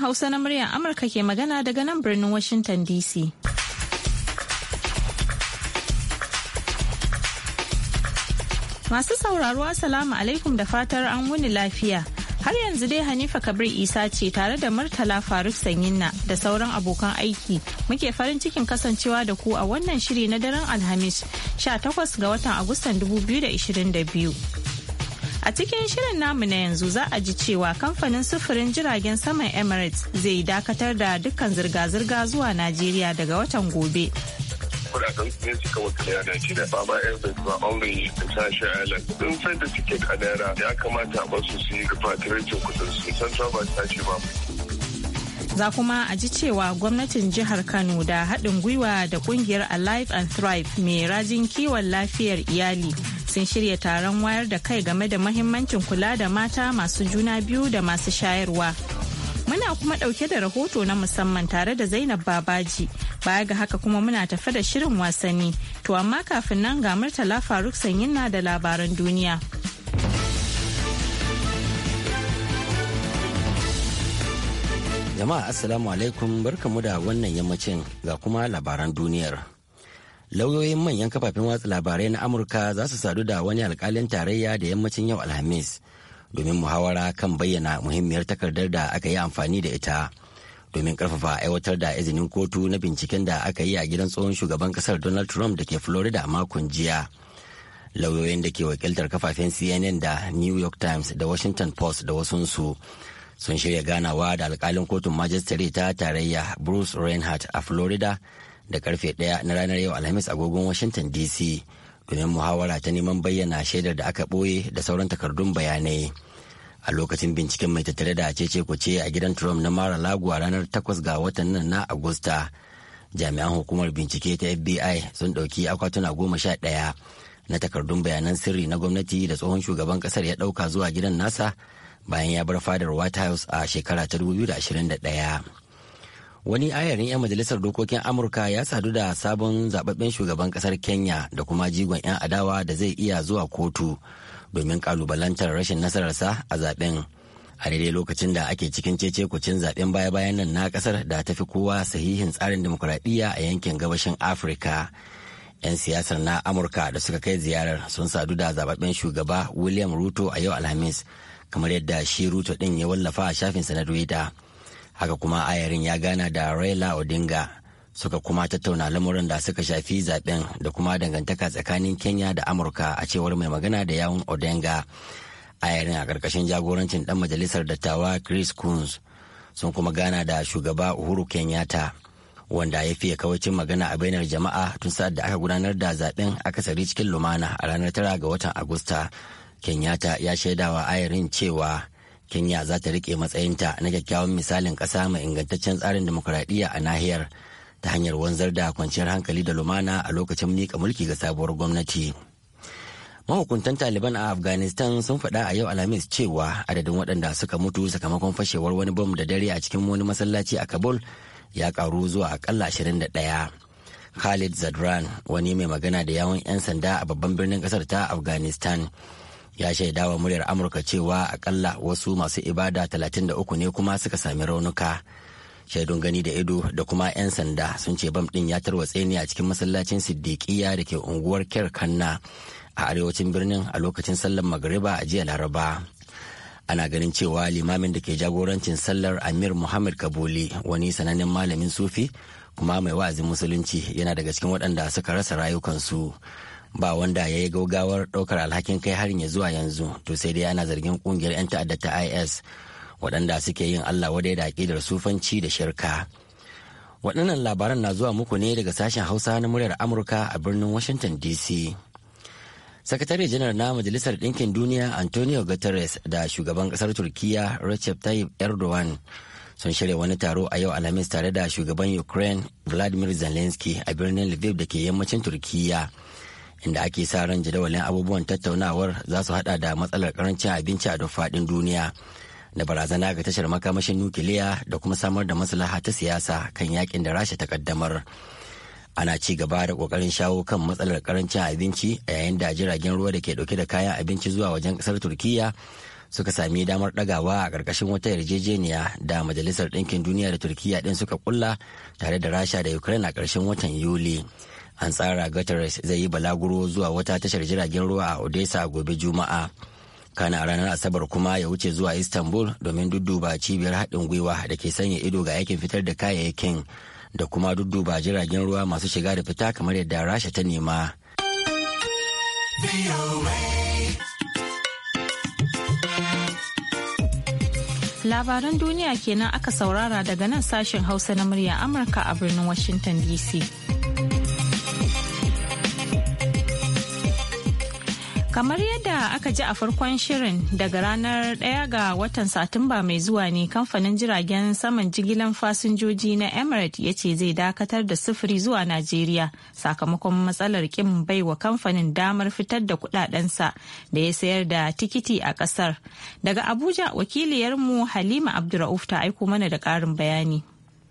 Hausa na muryar Amurka ke magana daga nan birnin Washington DC. Masu sauraro asalamu alaikum da fatar an wuni lafiya. Har yanzu dai Hanifa Kabir Isa ce tare da Murtala Faruk Sanyinna da sauran abokan aiki muke farin cikin kasancewa da ku a wannan shiri na daren Alhamis 18 ga watan Agustan 2022. A cikin shirin namu na yanzu za a ji cewa kamfanin sufurin jiragen saman Emirates zai dakatar da dukkan zirga-zirga zuwa Najeriya daga watan gobe. kudaden ne suka wakilai a Najeriya ba ma Airbus ba Orange da Sashi Island. Sun sai da tiket a naira ya kamata a basu su yi repatriation kudin su Central Bank ta ce ba. Za kuma a ji cewa gwamnatin jihar Kano da haɗin gwiwa da kungiyar Alive and Thrive mai rajin kiwon lafiyar iyali sun shirya taron wayar da kai game da mahimmancin kula da mata masu juna biyu da masu shayarwa. Muna kuma ɗauke da rahoto na musamman tare da Zainab Babaji. Baya ga haka kuma muna tafi da shirin wasanni. To amma kafin nan ga Murtala Faruk sanyin na da labaran duniya. Jama'a Assalamu alaikum barkamu da wannan yammacin ga kuma labaran duniyar. lauyoyin manyan kafafen watsa labarai na amurka za su sadu da wani alkalin tarayya da yammacin yau alhamis domin muhawara kan bayyana muhimmiyar takardar da aka yi amfani da ita domin karfafa aiwatar da izinin kotu na binciken da aka yi a gidan tsohon shugaban kasar donald trump da ke florida makon jiya lauyoyin da ke wakiltar kafafen cnn da new york times da washington post da wasunsu sun shirya ganawa da alkalin kotun majistare ta tarayya bruce reinhardt a florida da karfe ɗaya na ranar yau alhamis agogon washington dc domin muhawara ta neman bayyana shaidar da aka ɓoye da sauran takardun bayanai a lokacin binciken mai tattare da cece ce a gidan trump na mara lagu a ranar 8 ga watan nan na agusta jami'an hukumar bincike ta fbi sun ɗauki akwatuna goma sha ɗaya na takardun bayanan sirri na gwamnati da tsohon shugaban ƙasar ya ɗauka zuwa gidan nasa bayan ya bar fadar white house a shekara ta 2021 wani ayarin 'yan majalisar dokokin amurka ya sadu da sabon zababben shugaban kasar kenya da kuma jigon 'yan adawa da zai iya zuwa kotu domin kalubalantar rashin nasararsa a zaben a daidai lokacin da ake cikin cece kucin zaben baya-bayan nan na kasar da ta fi kowa sahihin tsarin demokuraɗiyya a yankin gabashin afirka 'yan siyasar na amurka da suka kai ziyarar sun sadu da zababben shugaba william ruto a yau alhamis kamar yadda shi ruto ɗin ya wallafa a shafinsa na twitter haka kuma ayarin ya gana da raila odinga suka kuma tattauna lamurin da suka shafi zaben da kuma dangantaka tsakanin kenya da amurka a cewar mai magana da yawun odinga ayarin a ƙarƙashin jagorancin ɗan majalisar dattawa chris coons sun kuma gana da shugaba uhuru kenyatta wanda ya fiye kawacin magana a bainar jama'a tun sa'ad da aka gudanar da zaben akasari cikin lumana a ranar tara ga watan agusta kenyatta ya shaidawa ayarin cewa kenya za ta rike matsayinta na kyakkyawan misalin ƙasa mai ingantaccen tsarin demokuraɗiyya a nahiyar ta hanyar wanzar da kwanciyar hankali da lumana a lokacin miƙa mulki ga sabuwar gwamnati mahukuntan taliban a afghanistan sun faɗa a yau alhamis cewa adadin waɗanda suka mutu sakamakon fashewar wani bom da dare a cikin wani masallaci a kabul ya ƙaru zuwa akalla ɗaya khalid zadran wani mai magana da yawon 'yan sanda a babban birnin ƙasar ta afghanistan ya shaida wa muryar amurka cewa akalla wasu masu ibada 33 ne kuma suka sami raunuka shaidun gani da ido da kuma 'yan sanda sun ce bam din ya tarwatse ne a cikin masallacin siddiƙiya da ke unguwar kanna a arewacin birnin a lokacin sallar magariba a jiya laraba ana ganin cewa limamin da ke jagorancin sallar amir muhammad kabuli wani sanannin malamin sufi kuma mai wa'azin musulunci yana daga cikin waɗanda suka rasa rayukansu. su ba wanda ya yi gaugawar ɗaukar alhakin kai harin ya zuwa yanzu to sai dai ana zargin kungiyar 'yan ta'adda ta is waɗanda suke yin allah wadai da aƙidar sufanci da shirka waɗannan labaran na zuwa muku ne daga sashen hausa na muryar amurka a birnin washington dc sakatare janar na majalisar ɗinkin duniya antonio guterres da shugaban ƙasar turkiya recep tayyip erdogan sun shirya wani taro a yau alhamis tare da shugaban ukraine vladimir zelensky a birnin lviv da ke yammacin turkiya inda ake sa ran jadawalin abubuwan tattaunawar za su hada da matsalar karancin abinci a duk duniya da barazana ga tashar makamashin nukiliya da kuma samar da maslaha ta siyasa kan yakin da rasha ta kaddamar ana ci gaba da kokarin shawo kan matsalar karancin abinci a yayin da jiragen ruwa da ke dauke da kayan abinci zuwa wajen kasar turkiya suka sami damar dagawa a ƙarƙashin wata yarjejeniya da majalisar ɗinkin duniya da turkiya ɗin suka kulla tare da rasha da ukraine a ƙarshen watan yuli. an tsara gatar zai yi balaguro zuwa wata tashar jiragen ruwa a odessa gobe juma'a kana ranar asabar kuma ya wuce zuwa istanbul domin dudduba cibiyar haɗin gwiwa da ke sanya ido ga aikin fitar da kayayyakin da kuma dudduba jiragen ruwa masu shiga da fita kamar yadda rasha ta nema labaran duniya kenan aka saurara daga nan sashen hausa na murya amurka a birnin washington dc Kamar yadda aka ji a farkon shirin daga ranar 1 ga watan Satumba mai zuwa ne kamfanin jiragen saman jigilan fasinjoji na Emirates ya ce zai dakatar da sufuri zuwa Najeriya sakamakon matsalar kin baiwa kamfanin damar fitar da kudadensa da ya sayar da tikiti a kasar. Daga Abuja wakiliyarmu Halima Abdurrauf ta aiko mana da karin bayani.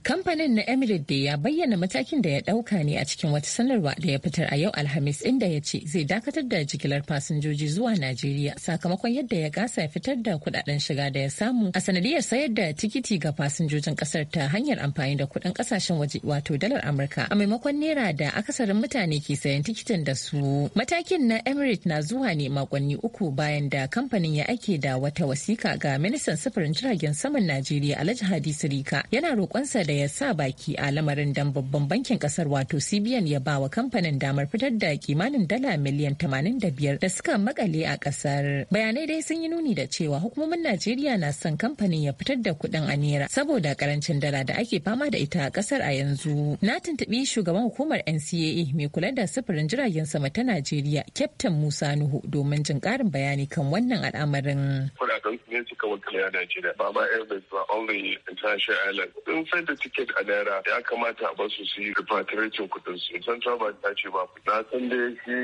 Kamfanin na Emirates da ya bayyana matakin da ya ɗauka ne a cikin wata sanarwa da ya fitar a yau Alhamis inda ya ce zai dakatar da jigilar fasinjoji zuwa Najeriya sakamakon yadda ya gasa fitar da kuɗaɗen shiga da ya samu a sanadiyar sayar da tikiti ga fasinjojin ƙasar ta hanyar amfani da kuɗin ƙasashen waje wato dalar Amurka a maimakon naira da akasarin mutane ke sayan tikitin da su. Matakin na Emirates na zuwa ne makonni uku bayan da kamfanin ya aike da wata wasiƙa ga ministan sufurin jiragen saman Najeriya Alhaji Hadi Sirika yana roƙonsa da ya sa baki a lamarin dan babban bankin kasar wato cbn ya ba wa kamfanin damar fitar da kimanin dala miliyan 85 da suka makale a kasar bayanai dai sun yi nuni da cewa hukumomin najeriya na son kamfanin ya fitar da kuɗin a naira saboda karancin dala da ake fama da ita a kasar a yanzu na tuntubi shugaban hukumar ncaa mai kula da sufurin jiragen sama ta najeriya kyaftin musa nuhu domin jin karin bayani kan wannan al'amarin. Kuɗaɗen suka wakilai a Najeriya ba ma ba only international Sun tiket a naira ya kamata a basu su yi repatriation kudin su central bank ta ce ba na san da shi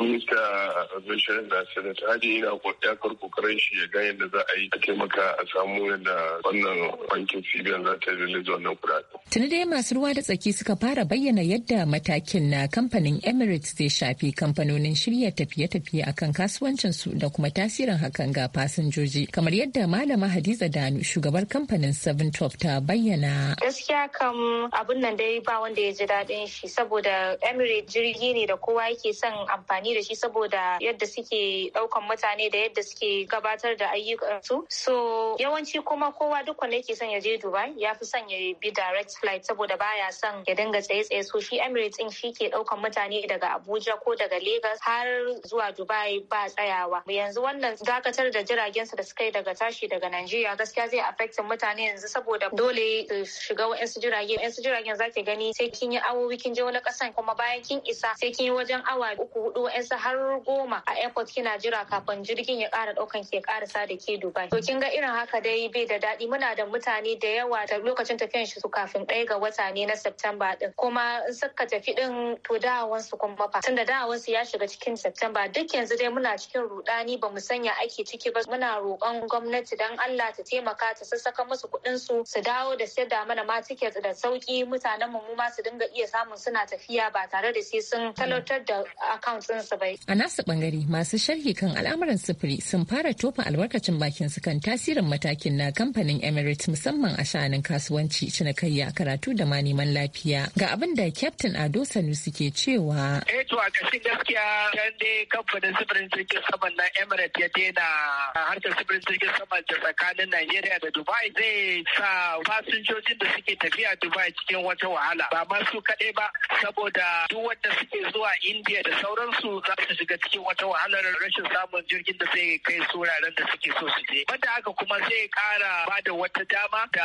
minista zai na senator hadi yana ya kokarin shi ya ga yadda za a yi a taimaka a samu yadda wannan bankin cbn za ta yi release wannan kudaden. tuni dai masu ruwa da tsaki suka fara bayyana yadda matakin na kamfanin emirates zai shafi kamfanonin shirya tafiye-tafiye akan kasuwancin su da kuma tasirin hakan ga fasinjoji kamar yadda malama hadiza danu shugabar kamfanin 712 ta bayyana. gaskiya kam abun nan dai ba wanda ya ji daɗin shi saboda Emirates jirgi ne da kowa yake son amfani da shi saboda yadda suke ɗaukan mutane da yadda suke gabatar da ayyukansu. So yawanci kuma kowa duk wanda yake son ya je Dubai ya fi son ya bi direct flight saboda baya son ya dinga tsaye-tsaye so shi Emirates din shi ke ɗaukan mutane daga Abuja ko daga Lagos har zuwa Dubai ba tsayawa. Yanzu wannan dakatar da jiragen jiragensa da suka yi daga tashi daga nigeria gaskiya zai affect mutane yanzu saboda dole su shiga wa'yansu jirage wa'yansu jiragen zaki gani sai kin yi awowi kin je wani kasan kuma bayan kin isa sai kin yi wajen awa uku hudu wa'yansu har goma a airport kina jira kafin jirgin ya kara daukan ke karasa da ke Dubai to kin ga irin haka dai bai da daɗi muna da mutane da yawa da lokacin tafiyan shi su kafin ɗaya ga wata ne na September din kuma in suka tafi din to dawansu kuma fa tunda dawansu ya shiga cikin September duk yanzu dai muna cikin rudani ba mu sanya aiki ciki ba muna roƙon gwamnati dan Allah ta taimaka ta sassaka musu kuɗin su su dawo da sayar da mana tiket da sauki mutanen mu ma su dinga iya samun suna tafiya ba tare da sai sun talautar da account su bai. A nasu bangare masu sharhi kan al'amuran sufuri sun fara tofa albarkacin bakin su kan tasirin matakin na kamfanin Emirates musamman a sha'anin kasuwanci cinikayya karatu da ma neman lafiya. Ga abin da Captain Ado Sanusi ke cewa. Eh to a kashin gaskiya dan dai kamfanin sufurin jirgin saman na Emirates ya daina harkar sufurin jirgin saman da tsakanin Najeriya da Dubai zai sa fasinjojin da suke suke tafiya Dubai cikin wata wahala ba ma su kaɗai ba saboda duk wanda suke zuwa India da sauransu za su shiga cikin wata wahalar rashin samun jirgin da zai kai suraren da suke so su je. Banda haka kuma zai ƙara ba da wata dama da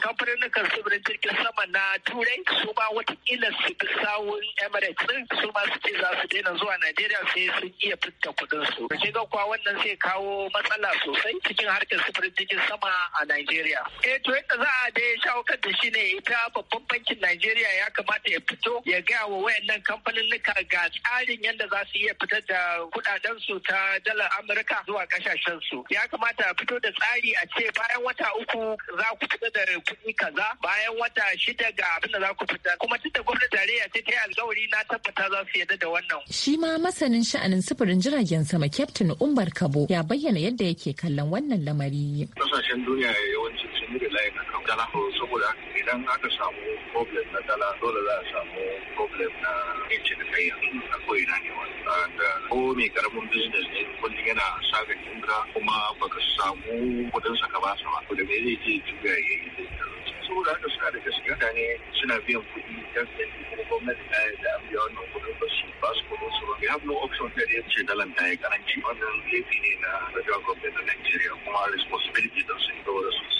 kamfanin tsibirin jirgin sama na Turai su ma watakila su bi sawun Emirates ɗin su ma su ce za su daina zuwa Najeriya sai sun iya fitta kuɗin su. Shiga kuwa wannan zai kawo matsala sosai cikin harkar sufurin jirgin sama a Najeriya. Eh to yadda za a dai shawo kan da Shi ne ita babban bankin Najeriya ya kamata ya fito ya gaya wa wayannan kamfaninnika ga tsarin yadda za su iya fitar da kudaden su ta dalar Amurka zuwa kasashen su. Ya kamata a fito da tsari a ce bayan wata uku za ku fitar da kuɗi kaza bayan wata shida ga abin da za ku fitar. Kuma tun da gwamnati tarayya ta ta alkawari na tabbata za su yarda da wannan. Shi ma masanin sha'anin sufurin jiragen sama Captain Umar Kabo ya bayyana yadda yake kallon wannan lamari. Kasashen duniya yawanci sun yi da layin kan saboda idan aka samu problem na dala dole za a samu problem na yanci da kai a ko'ina ne wanda ko mai karamin business ne kullum yana saga ka kuma baka samu kudin saka ba sama ko da me zai je juya ya yi saboda haka suna da gaskiya da ne suna biyan kuɗi yan senti kuma gwamnati ta yi da an biya wannan kuɗin ba su ba su kuɗin su ba we have no option da ya ce dalan ta yi karanci wannan laifi ne na federal government na Nigeria kuma responsibility don su ne da su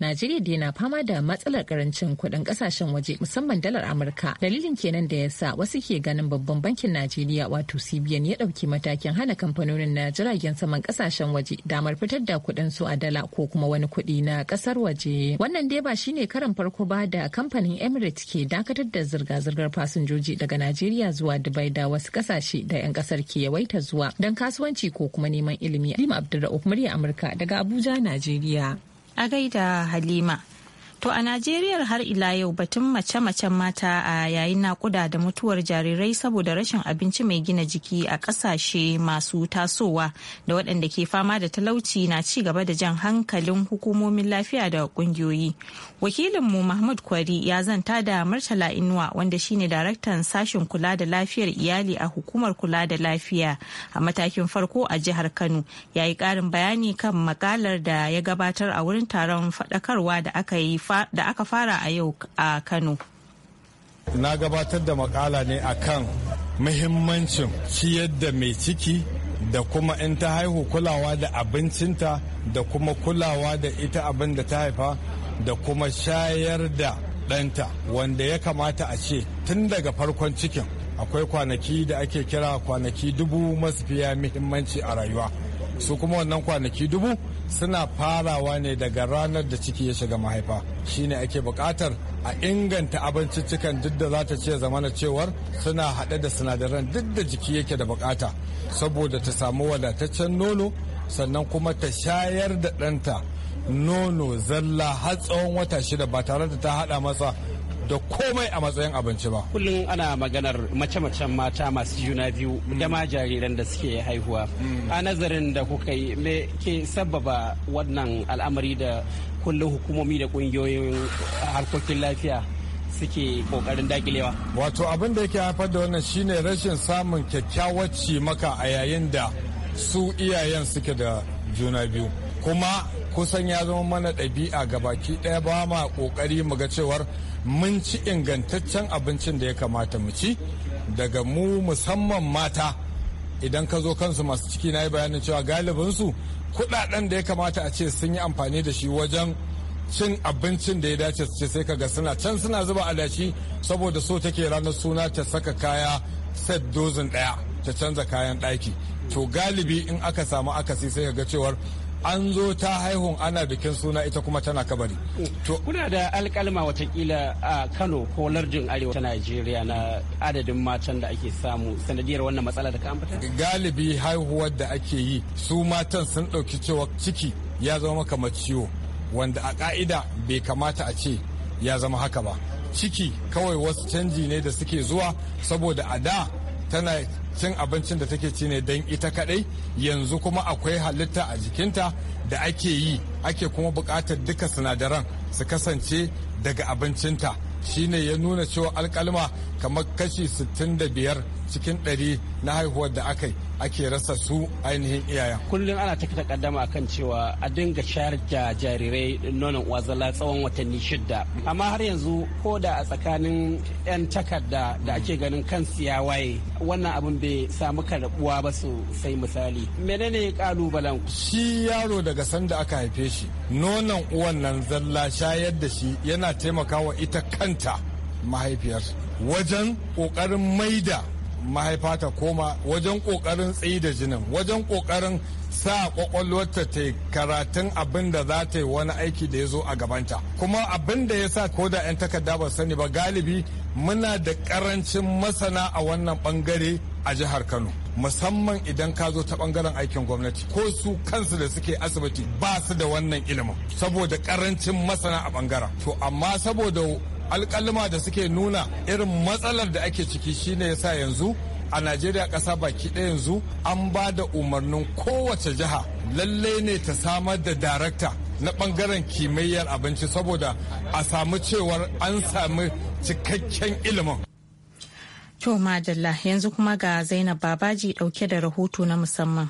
Najeriya dai na fama da matsalar karancin kuɗin ƙasashen waje musamman dalar Amurka. Dalilin kenan da ya sa wasu ke ganin babban bankin Najeriya wato CBN ya ɗauki matakin hana kamfanonin na jiragen saman ƙasashen waje damar fitar da kuɗin su a dala ko kuma wani kuɗi na ƙasar waje. Wannan dai ba shine karan farko ba da kamfanin Emirates ke dakatar da zirga-zirgar fasinjoji daga Najeriya zuwa Dubai da wasu ƙasashe da 'yan ƙasar ke yawaita zuwa don kasuwanci ko kuma neman ilimi. Lima Abdulrahman murya Amurka daga Abuja, Najeriya. A gaida Halima. To a Najeriya har ila yau batun mace-macen mata a yayin nakuda da mutuwar jarirai saboda rashin abinci mai gina jiki a kasashe masu tasowa da waɗanda ke fama da talauci na ci gaba da jan hankalin hukumomin lafiya da ƙungiyoyi. Wakilinmu Mahmud Kwari ya zanta da Murtala Inuwa wanda shine daraktan sashen kula da lafiyar iyali a hukumar kula da lafiya a matakin farko a jihar Kano ya yi ƙarin bayani kan makalar da ya gabatar a wurin taron faɗakarwa da aka yi da aka fara a yau a Kano. Na gabatar da makala ne a kan muhimmancin ciyar da mai ciki da kuma in ta haihu kulawa da abincinta da kuma kulawa da ita abin da ta haifa da kuma shayar da ɗanta wanda ya kamata a ce tun daga farkon cikin akwai kwanaki da ake kira kwanaki dubu masu fiya muhimmanci a rayuwa su kuma wannan kwanaki dubu suna farawa ne daga ranar da ciki ya shiga mahaifa shine ake buƙatar a inganta abinciccikan duk da za ta ce zamana cewar suna haɗe da sinadaran duk da jiki yake da buƙata saboda ta samu wadataccen nono sannan kuma ta shayar da ɗanta nono zalla har tsawon wata shida ba tare da ta haɗa masa da komai a matsayin abinci ba. Kullum ana maganar mace-macen mata masu juna biyu mm. da ma jariran da suke haihuwa. Mm. A nazarin da kuka yi me ke sabbaba wannan al'amari da kullum hukumomi da kungiyoyin harkokin lafiya suke kokarin dakilewa. Wato abin da yake haifar da wannan shine rashin samun kyakkyawar maka a yayin da su iyayen suke da juna biyu. Kuma kusan ya zama mana ɗabi'a ga baki ɗaya ba ma ƙoƙari mu ga cewar mun ci ingantaccen abincin da ya kamata mu ci daga mu musamman mata idan ka zo kansu masu ciki na yi bayanin cewa galibinsu kudaden da ya kamata a ce sun yi amfani da shi wajen cin abincin da ya dace su ce sai ka ga suna can suna zuba adashi saboda so take ranar suna ta saka kaya set dozin daya ta canza kayan daki to galibi in aka samu akasi sai ka ga cewar an zo ta haihun ana bikin suna ita kuma tana kabari. Kuna da alkalma watakila a Kano ko lardin Arewa ta Najeriya na adadin matan da ake samu sanadiyar wannan matsala da ka ambata? Galibi haihuwar da ake yi su matan sun ɗauki cewa ciki ya zama maka ciwo wanda a ka'ida bai kamata a ce ya zama haka ba. Ciki kawai wasu canji ne da suke zuwa saboda a da tana cin abincin da take ci ne don ita kadai yanzu kuma akwai halitta a jikinta da ake yi ake kuma buƙatar duka sinadaran su kasance daga abincinta shine ya nuna cewa alkalma kamar kashi 65 cikin 100 na haihuwar da aka yi ake rasa su ainihin iyayen. Kullum ana ta kita kaddama akan cewa a dinga shayar da jarirai nonon uwa tsawon watanni shida. Amma har yanzu ko da a tsakanin 'yan takarda da ake ganin kan ya waye wannan abin bai samu karɓuwa ba su sai misali. Menene kalubalen? Shi yaro daga sanda aka haife shi nonon uwan nan zalla shayar da shi yana taimakawa ita kanta mahaifiyar wajen ƙoƙarin maida mahaifa ta koma wajen ƙoƙarin tsayi da jinin wajen ƙoƙarin sa kwakwalwarta ta karatun abin da za ta yi wani aiki da ya zo a gabanta kuma abin da ya sa ko da 'yan takarda ba sani ba galibi muna da karancin masana a wannan bangare a jihar kano musamman idan ka zo ta bangaren aikin gwamnati ko su kansu da suke asibiti ba su da wannan ilimin saboda karancin masana a bangaren to amma saboda alƙalima da suke nuna irin matsalar da ake ciki shine yasa yanzu a najeriya ƙasa baki ɗaya yanzu an ba da umarnin kowace jiha lallai ne ta samar da darakta na bangaren kimiyyar abinci saboda a samu cewar an sami cikakken ilimin to madalla yanzu kuma ga zainab babaji ɗauke da rahoto na musamman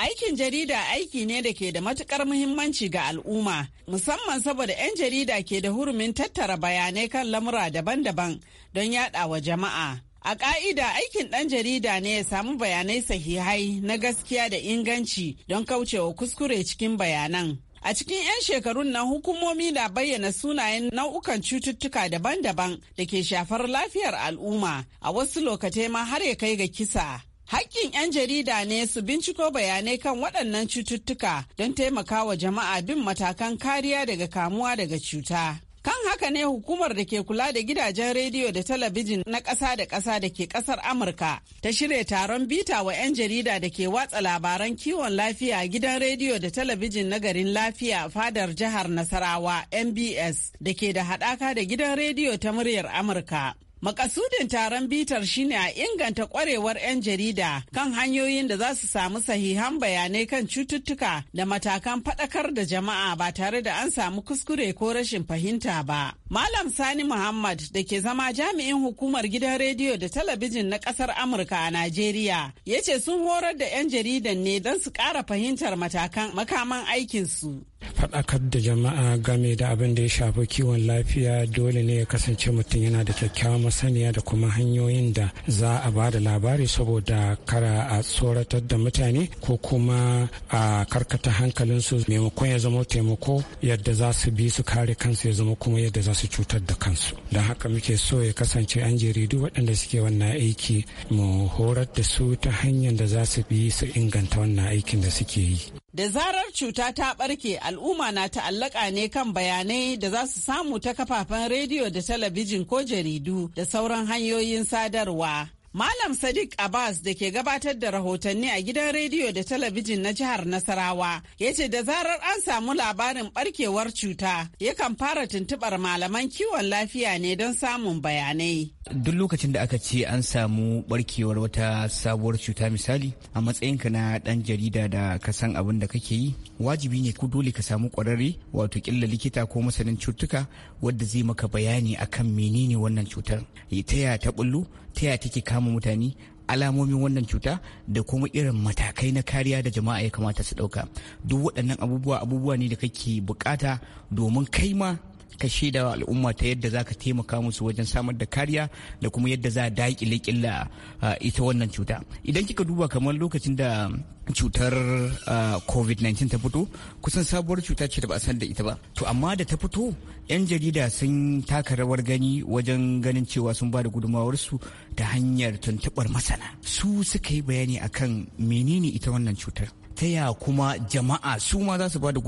Aikin jarida aiki ne da ke da matukar muhimmanci ga al'umma, musamman saboda 'yan jarida ke da hurumin tattara bayanai kan lamura daban-daban don yada wa jama'a. A ƙa'ida aikin ɗan jarida ne ya samu bayanai sahihai na gaskiya da inganci don kaucewa kuskure cikin bayanan. A cikin 'yan shekarun nan hukumomi na bayyana sunayen nau'ukan cututtuka daban-daban da ke shafar lafiyar al'umma a wasu lokatai ma har ya kai ga kisa. Hakkin 'yan jarida ne su binciko bayanai kan waɗannan cututtuka don taimakawa jama'a bin matakan kariya daga kamuwa daga cuta. Kan haka ne hukumar da ke kula da gidajen rediyo da talabijin na ƙasa da ƙasa da ke ƙasar Amurka ta shirya taron bita wa 'yan jarida da ke watsa labaran kiwon lafiya gidan rediyo da talabijin na garin lafiya fadar jihar Nasarawa MBS da ke da haɗaka da gidan rediyo ta muryar Amurka. Makasudin taron bitar shine a inganta kwarewar 'yan jarida kan hanyoyin da za su samu sahihan bayanai kan cututtuka da matakan faɗakar da jama'a ba tare da an samu kuskure ko rashin fahimta ba. Malam Sani Muhammad da ke zama jami'in hukumar gidan rediyo da talabijin na ƙasar Amurka a Najeriya ya ce sun horar da 'yan jaridan ne don su ƙara fahimtar matakan makaman aikinsu. faɗakar da jama'a game da abin da ya shafi kiwon lafiya dole ne ya kasance mutum yana da kyakkyawan masaniya da kuma hanyoyin da za a ba da labari saboda kara a tsoratar da mutane ko kuma a karkata hankalinsu maimakon ya zama taimako yadda za su bi su kare kansu ya zama kuma yadda za su cutar da kansu don haka muke so ya kasance an jaridu waɗanda suke wannan aiki mu horar da su ta hanyar da za su bi su inganta wannan aikin da suke yi Da zarar cuta ta ɓarke al'umma na ta'allaka ne kan bayanai da za su samu ta kafafen rediyo da talabijin ko jaridu da sauran hanyoyin sadarwa. Malam Sadiq Abbas da ke gabatar da rahotanni a gidan rediyo da talabijin na jihar Nasarawa ya ce da zarar an samu labarin barkewar cuta yakan fara tuntubar malaman kiwon lafiya ne don samun bayanai. Duk lokacin da aka ce an samu barkewar wata sabuwar cuta misali a matsayinka na dan jarida da ka san abin da kake yi wajibi ne ku dole ka samu kwararre wato killa likita ko masanin cutuka wadda zai maka bayani akan menene wannan cutar. Ta ya ta bullo ta ya take kama kama mutane alamomin wannan cuta da kuma irin matakai na kariya da jama'a ya kamata su ɗauka duk waɗannan abubuwa abubuwa ne da kake bukata domin kai ma ka shaida al'umma ta yadda za ka taimaka musu wajen samar da kariya da kuma yadda za a daƙile ƙilla ita wannan cuta idan kika duba kamar lokacin da cutar covid-19 ta fito kusan sabuwar cuta ce da ba a san da ita ba to amma da ta fito 'yan jarida sun taka rawar gani wajen ganin cewa sun ba da su ta hanyar tuntuɓar masana su suka yi bayani akan menene ita wannan cutar ta ya kuma jama'a su ma za su ba da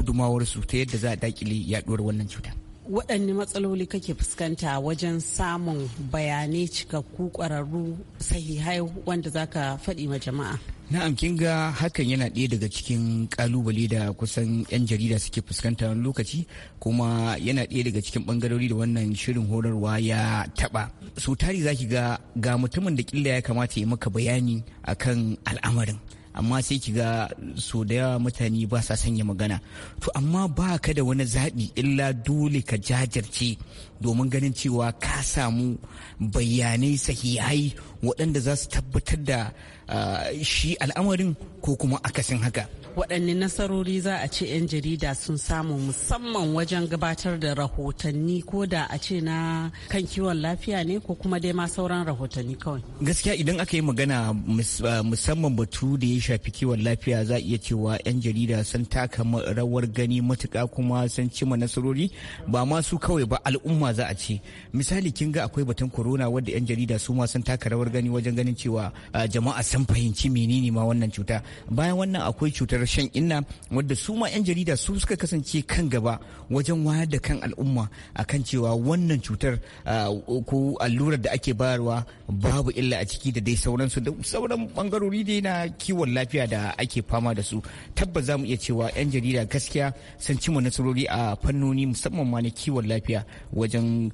su ta yadda za a daƙile yaɗuwar wannan cutar waɗanne matsaloli kake fuskanta wajen samun bayanai cikakku ƙwararru sahihai wanda za faɗi ma jama'a na'am kin ga hakan yana ɗaya daga cikin kalubale da kusan 'yan jarida suke fuskanta wani lokaci kuma yana ɗaya daga cikin bangarori da wannan shirin horarwa ya taɓa Sautari tari za ki ga ga mutumin da killa ya kamata ya maka bayani akan al'amarin amma sai ki ga so da yawa mutane ba sa sanya magana to amma ba ka da wani zaɓi illa dole ka jajirce domin ganin cewa ka samu bayanai sahihai waɗanda za su tabbatar da ah, shi al'amarin ko kuma akasin haka waɗanne nasarori za a ce 'yan jarida sun samu musamman wajen gabatar da rahotanni ko da a ce na kan kiwon lafiya ne ko kuma dai ma sauran rahotanni kawai gaskiya idan aka yi magana ah, musamman batu da ya shafi kiwon lafiya za a iya cewa 'yan jarida sun taka rawar gani matuka kuma sun cima nasarori ba ma su kawai ba al'umma za a ce misali kin ga akwai batun corona wadda 'yan jarida su ma sun taka rawar gani wajen ganin cewa jama'a sun fahimci menene ma wannan cuta bayan wannan akwai cutar shan inna wadda su ma 'yan jarida su suka kasance kan gaba wajen wayar da kan al'umma akan cewa wannan cutar ko allurar da ake bayarwa babu illa a ciki da dai sauransu da sauran bangarori dai na kiwon lafiya da ake fama da su tabbas za mu iya cewa 'yan jarida gaskiya sun cimma nasarori a fannoni musamman ma na kiwon lafiya wajen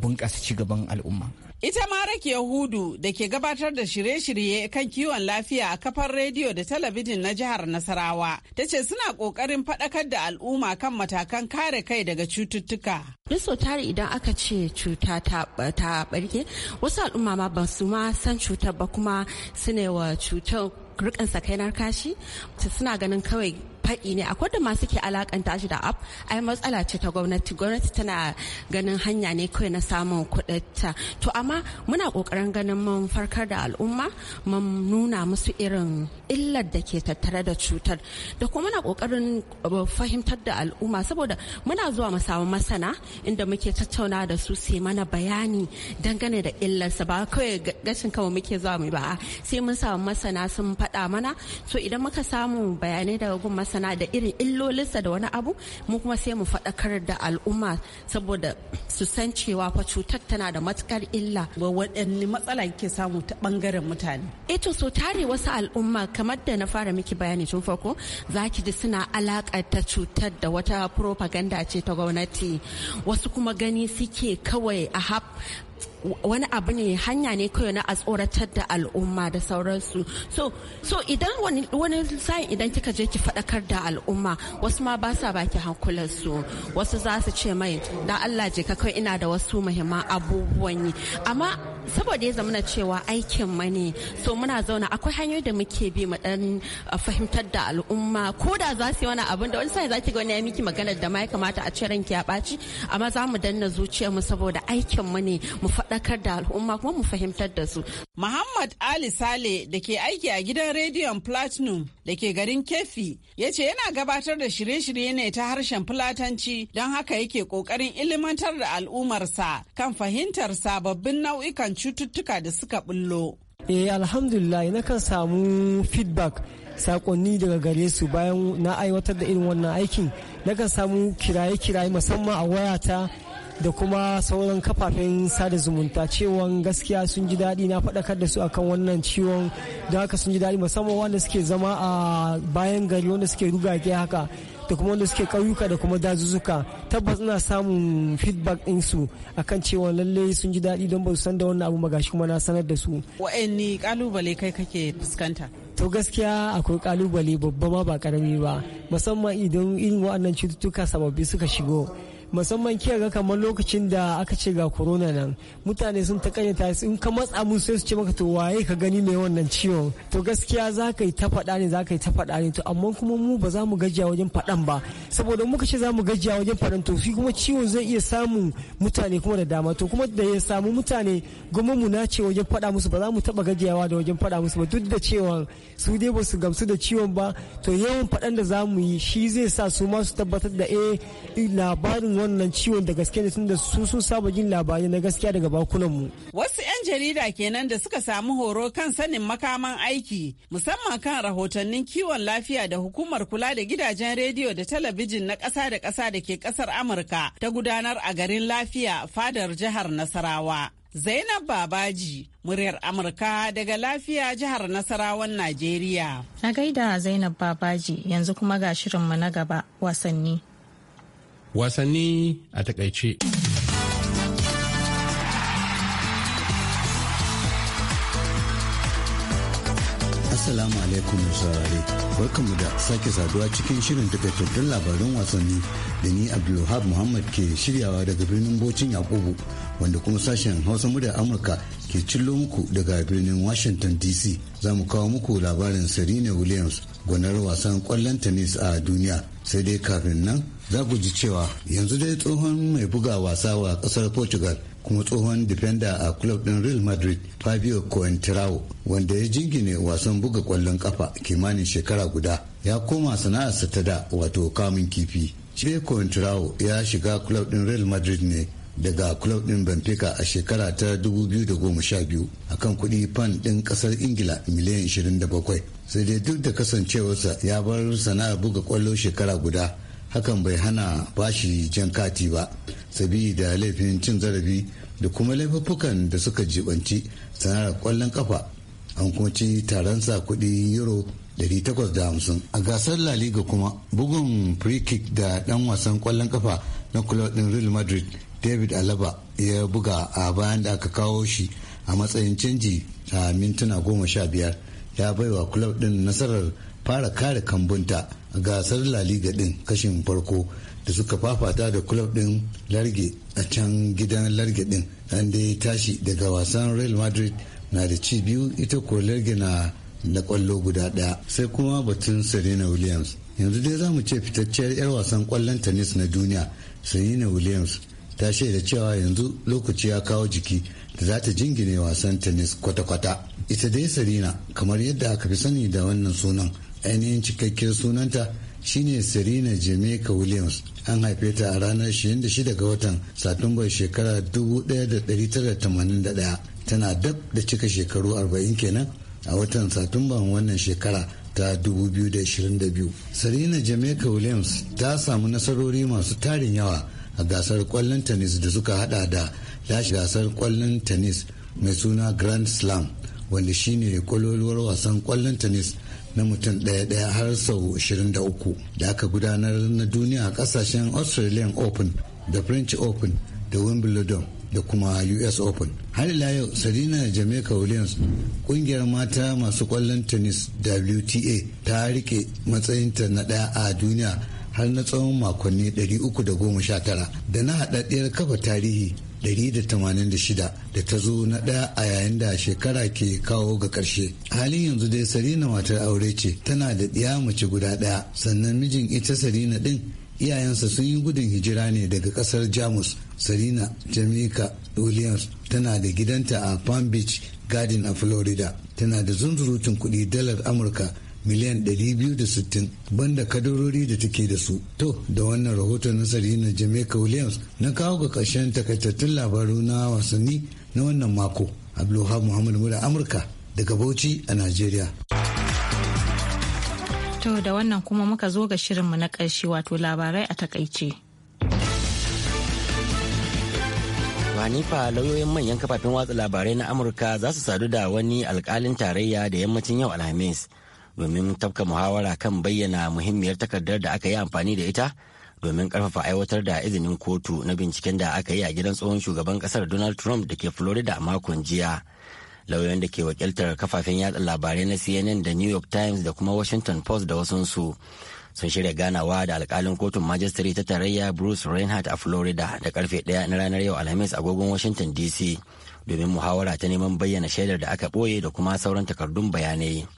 bunƙasa cigaban al'umma. Ita ma rake Hudu da ke gabatar da shirye-shirye kan kiwon lafiya a kafar rediyo da talabijin na jihar Nasarawa ta ce suna ƙoƙarin faɗakar da al'umma kan matakan kare kai daga cututtuka. Riso tare idan aka ce cuta ta ɓarke wasu al'umma ma ba su ma san cutar ba kuma su ne wa cutar rikan sakainar kashi suna ganin kawai faɗi ne akwai da masu ke alakanta shi da app ai matsala ce ta gwamnati gwamnati tana ganin hanya ne kawai na samun kuɗinta to amma muna ƙoƙarin ganin mun farkar da al'umma mun nuna musu irin illar da ke tattare da cutar da kuma muna ƙoƙarin uh, fahimtar da al'umma saboda muna zuwa mu samu masana inda muke tattauna da su sai mana bayani dangane da illarsa ba kawai gashin kama muke zuwa mu ba sai mun samu masana sun faɗa mana to idan muka samu bayanai daga gun masana Tana da irin illolinsa da wani abu mu kuma sai mu faɗakar da al'umma saboda su san cewa fa cutar tana da matukar illa waɗanne matsala ke samu ta bangaren mutane eto eh so tare wasu al'umma kamar da na fara miki bayani tun farko zaki ji suna ta cutar da wata propaganda ce ta gwamnati wasu kuma gani suke kawai a hap. wani abu ne hanya ne kawai na tsoratar da al'umma da sauransu so so idan wani wani sa'in idan kika je ki faɗakar da al'umma wasu ma ba sa baki hankularsu wasu za su ce mai da Allah je ka kai ina da wasu muhimman abubuwan yi amma saboda ya zama cewa aikin ma ne so muna zauna akwai hanyoyi da muke bi mu dan fahimtar da al'umma ko da za su yi wani abu da wani sai za ki ga wani ya miki magana da ma ya kamata a ce ranki ya baci amma za mu danna zuciyarmu saboda aikin mu ne mu faɗakar da al'umma kuma mu fahimtar da su. Muhammad Ali Sale da ke aiki a gidan rediyon Platinum da ke garin Kefi ya ce yana gabatar da shirye-shirye ne ta harshen Fulatanci don haka yake ƙoƙarin ilimantar da al'ummarsa kan fahimtar sababbin nau'ikan cututtuka da suka bullo. Eh alhamdulillah na kan samu feedback sakonni daga gare su bayan na aiwatar da irin wannan aikin na kan samu kiraye-kiraye musamman a wayata da kuma sauran kafafen sada zumunta cewa gaskiya sun ji daɗi na faɗakar da su akan wannan ciwon da haka sun ji daɗi musamman wanda suke zama a bayan gari wanda suke rugage haka da kuma wanda suke ƙauyuka da kuma dazuzzuka tabbas ina samun feedback ɗinsu akan cewa lalle sun ji daɗi don ba su san da wannan abu gashi kuma na sanar da su. Wa'anni kalubale kai kake fuskanta? to gaskiya akwai kalubale babba ma ba karami ba musamman idan irin waɗannan cututtuka sababbi suka shigo musamman kiyar ga kamar lokacin da aka ce ga corona nan mutane sun ta kanyata in ka matsa musu sai su ce maka to waye ka gani mai wannan ciwon to gaskiya za ka yi ta faɗa ne za ka yi ta faɗa ne to amma kuma mu ba za mu gajiya wajen faɗan ba saboda muka ce za mu gajiya wajen faɗan to shi kuma ciwon zai iya samun mutane kuma da dama to kuma da ya samu mutane goma mu na ce wajen faɗa musu ba za mu taɓa gajiyawa da wajen faɗa musu ba duk da cewa su dai ba su gamsu da ciwon ba to yawan faɗan da za mu yi shi zai sa su ma su tabbatar da eh labarin wannan ciwon da gaske ne tunda su sun saba jin labarai na gaskiya daga bakunan mu wasu 'yan jarida kenan da suka samu horo kan sanin makaman aiki musamman kan rahotannin kiwon lafiya da hukumar kula da gidajen rediyo da talabijin na ƙasa da kasa da ke ƙasar amurka ta gudanar a garin lafiya fadar jihar nasarawa Zainab Babaji, muryar Amurka daga lafiya jihar Nasarawan Najeriya. Na gaida Zainab Babaji yanzu kuma ga shirinmu na gaba wasanni. wasanni a takaice. Assalamu alaikum saurare. Barkanmu da sake saduwa cikin shirin takaitattun labarin wasanni da ni Abdulwahab Muhammad ke shiryawa daga birnin Bocin Yakubu wanda kuma sashen Hausa muda Amurka ke cillo muku daga birnin Washington DC. Za mu kawo muku labarin Serena Williams gwanar wasan kwallon tennis a duniya. Sai dai kafin nan za ku ji cewa yanzu dai tsohon mai buga wasa wa kasar portugal kuma tsohon defender a club din real madrid fabio coentrao wanda ya jingine wasan buga kwallon kafa kimanin shekara guda ya koma sana'arsa ta da wato kamun kifi ce coentrao ya shiga club din real madrid ne daga club din benfica a shekara ta 2012 akan kudi fan din kasar ingila miliyan 27 sai dai duk da kasancewarsa ya bar sana'ar buga kwallo shekara guda hakan bai hana bashi jan kati ba sabida laifin cin zarafi da kuma laifuffukan da suka jibanci sana'ar kwallon kafa an kuma ci taronsa kudi euro 850 a gasar la liga kuma bugun free kick da dan wasan kwallon kafa na club din real madrid david alaba ya buga a bayan da aka kawo shi a matsayin canji a mintuna goma sha biyar ya baiwa club din nasarar fara kare kambunta a gasar La Liga din kashin farko da suka fafata da kulab din Large a can gidan Large din an da ya tashi daga wasan Real Madrid na da ci biyu ita ko Large na da kwallo guda daya sai kuma batun Serena Williams yanzu dai za mu ce fitacciyar 'yar wasan kwallon tennis na duniya Serena Williams ta shaida cewa yanzu lokaci ya kawo jiki da za ta jingine wasan tennis kwata-kwata. Ita dai Sarina kamar yadda aka fi sani da wannan sunan ainihin cikakken sunanta shine serena jamaica williams an haife ta a ranar 26 ga watan satumbar shekara 1981 tana dab da cika shekaru 40 kenan a watan satumban wannan shekara ta 2022 serena jamaica williams ta samu nasarori masu tarin yawa a gasar kwallon tennis da suka hada da lashe gasar kwallon tennis mai suna grand slam wanda shine kwaloluwar wasan kwallon tennis na mutum ɗaya ɗaya har sau 23 da aka gudanar na duniya a ƙasashen australian open da french open da wimbledon da kuma us open har ila yau sarina jamaica williams kungiyar mata masu kwallon tennis wta ta rike matsayinta na ɗaya a duniya har na tsawon makonni 319 da na haɗaɗɗiyar kafa tarihi 1986 da ta zo na ɗaya a yayin da shekara ke kawo ga ƙarshe. Halin yanzu dai Sarina matar aure ce tana da ɗiya mace guda ɗaya sannan mijin ita Sarina ɗin iyayensa sun yi gudun hijira ne daga ƙasar Jamus. Sarina Jamaica Williams tana da gidanta a Palm Beach Garden a Florida. Tana da zunzurutun kuɗi dalar Amurka miliyan 260 banda kadarori da take da su. To, da wannan rahoton nasari na Jamaica Williams na kawo ga ƙarshen takaitattun labaru na wasanni na wannan mako. Abdulhab Muhammad Mura Amurka daga Bauchi a nigeria. To da wannan kuma muka zo ga shirinmu na karshe wato labarai a takaice. Manifa lauyoyin manyan kafafen watsa labarai na Amurka za su sadu da wani alkalin tarayya da yammacin yau Alhamis. domin tafka muhawara kan bayyana muhimmiyar takardar da aka yi amfani da ita domin karfafa aiwatar da izinin kotu na binciken da aka yi a gidan tsohon shugaban kasar donald trump da ke florida a makon jiya lauyoyin da ke wakiltar kafafen yada labarai na cnn da new york times da kuma washington post da wasunsu sun shirya ganawa da alkalin kotun majistare ta tarayya bruce reinhardt a florida da karfe daya na ranar yau alhamis agogon washington dc domin muhawara ta neman bayyana shaidar da aka ɓoye da kuma sauran takardun bayanai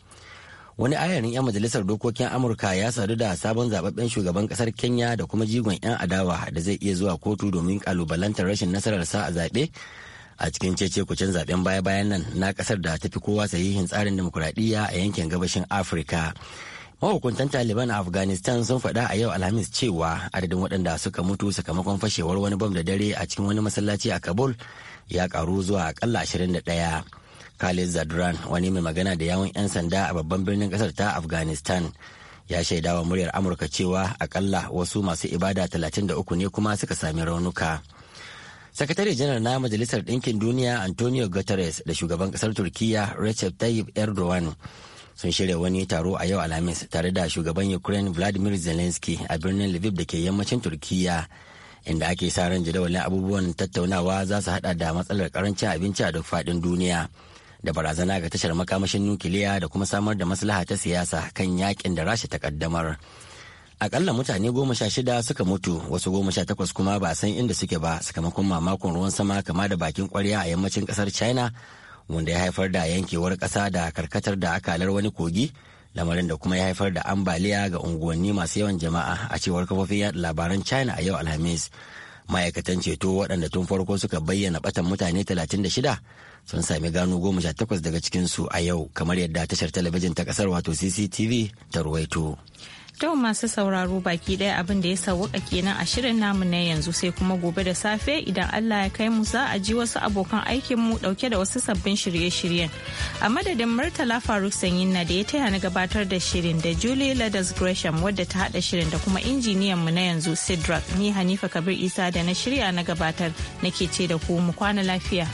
wani ayarin 'yan majalisar dokokin amurka ya sadu da sabon zababben shugaban kasar kenya da kuma jigon 'yan adawa da zai iya zuwa kotu domin kalubalantar rashin nasarar sa a zaɓe a cikin cece-kucen zaɓen baya-bayan nan na kasar da tafi kowa sahihin tsarin demokuraɗiyya a yankin gabashin afirka mahukuntan taliban a afghanistan sun faɗa a yau alhamis cewa adadin waɗanda suka mutu sakamakon fashewar wani bam da dare a cikin wani masallaci a kabul ya ƙaru zuwa ashirin da ɗaya. Khalid Zadran wani mai magana da yawun 'yan sanda a babban birnin kasar ta Afghanistan ya shaida wa muryar Amurka cewa akalla wasu masu ibada 33 ne kuma suka sami raunuka. sakatare janar na majalisar ɗinkin duniya antonio guterres da shugaban kasar turkiyya recep tayyip erdogan sun shirya wani taro a yau alhamis tare da shugaban ukraine vladimir zelensky a birnin lviv da ke yammacin turkiyya inda ake sa ran jadawalin abubuwan tattaunawa za su hada da matsalar karancin abinci a duk faɗin duniya da barazana ga tashar makamashin nukiliya da kuma samar da maslaha ta siyasa kan yakin da rasha ta kaddamar akalla mutane goma sha shida suka mutu wasu goma sha takwas kuma ba san inda suke ba sakamakon mamakon ruwan sama kama da bakin kwarya a yammacin kasar china wanda ya haifar da yankewar kasa da karkatar da akalar wani kogi lamarin da kuma ya haifar da ambaliya ga unguwanni masu yawan jama'a a cewar kafofin yaɗa labaran china a yau alhamis ma'aikatan ceto waɗanda tun farko suka bayyana batan mutane talatin da shida. sun sami gano goma sha takwas daga cikinsu a yau kamar yadda tashar talabijin ta kasar wato cctv ta ruwaito tau masu sauraro baki daya abin da ya sauwaka kenan a shirin namu na yanzu sai kuma gobe da safe idan Allah ya kai mu za a ji wasu abokan aikin mu ɗauke da wasu sabbin shirye-shiryen. A madadin Murtala Faruk Sanyin na da ya taya na gabatar da shirin da Julie Ladas Gresham wadda ta hada shirin da kuma injiniyan mu na yanzu Sidrak ni Hanifa Kabir Isa da na shirya na gabatar nake ce da ku mu kwana lafiya.